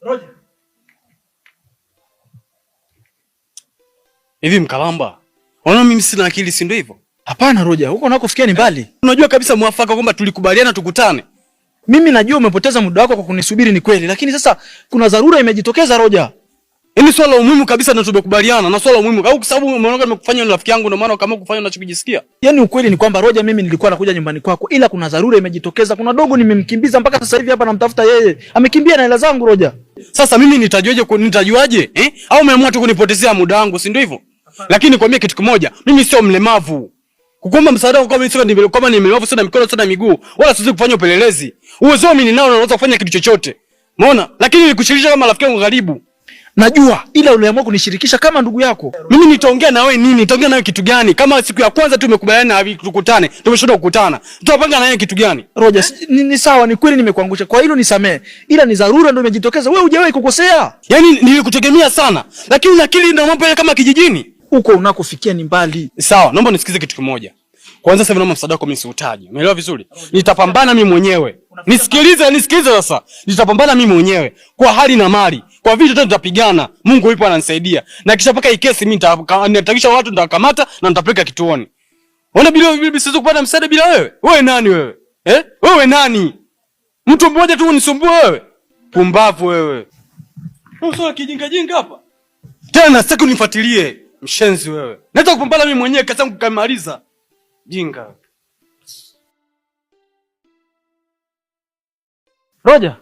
Roger. Hivi Mkalamba, unaona mimi sina akili si ndio hivyo? Hapana Roja, huko unakofikia ni eh, mbali. Unajua kabisa mwafaka kwamba tulikubaliana tukutane. Mimi najua umepoteza muda wako kwa kunisubiri, ni kweli, lakini sasa kuna dharura imejitokeza Roja. Hili swala la umuhimu kabisa na tumekubaliana na swala umuhimu. Au kwa sababu umeona kama nimekufanya ni rafiki yangu ndio maana kama kufanya unachojisikia. Yaani ukweli ni kwamba Roja, mimi nilikuwa nakuja nyumbani kwako ila kuna dharura imejitokeza. Kuna dogo nimemkimbiza mpaka sasa hivi hapa namtafuta yeye. Amekimbia na hela zangu Roja. Sasa mimi nitajuaje nitajuaje? Eh? Au umeamua tu kunipotezea muda wangu, si ndio hivyo? Lakini nikwambie kitu kimoja, mimi sio mlemavu. Kukuomba msaada kwa mimi sio ndio kama ni mlemavu sio na mikono sio na miguu, wala siwezi kufanya upelelezi. Uwezo mimi ninao na naweza kufanya kitu chochote. Umeona? Lakini nilikushirikisha kama rafiki yangu karibu najua, ila uliamua kunishirikisha kama ndugu yako. Mimi nitaongea na wewe nini? Nitaongea na wewe kitu gani? Kama siku ya kwanza tu umekubaliana na tukutane, tumeshindwa kukutana, tutapanga na yeye kitu gani? Roger, ni, ni sawa, ni kweli nimekuangusha, kwa hilo nisamee, ila ni dharura ndio imejitokeza. Wewe hujawahi kukosea, yaani nilikutegemea sana, lakini akili ndio mambo kama kijijini, huko unakofikia ni mbali. Sawa, naomba nisikize kitu kimoja kwanza sasa naomba msaada wako mimi siutaji. Umeelewa vizuri? Nitapambana mimi mwenyewe. Nisikilize, nisikilize sasa. Nitapambana mimi mwenyewe kwa hali na mali. Kwa vitu tena tutapigana. Mungu yupo ananisaidia. Na kisha paka hii kesi mimi nitahakikisha watu nitakamata na nitapeleka kituoni. Ona bila bila siwezi kupata msaada bila wewe. Wewe nani wewe? Eh? Wewe nani? Mtu mmoja tu unisumbua wewe. Pumbavu wewe. Wewe sio kijinga jinga hapa. Tena sitaki unifuatilie. Mshenzi wewe. Naweza kupambana mimi mwenyewe kazi yangu kamaliza. Jinga. Roja.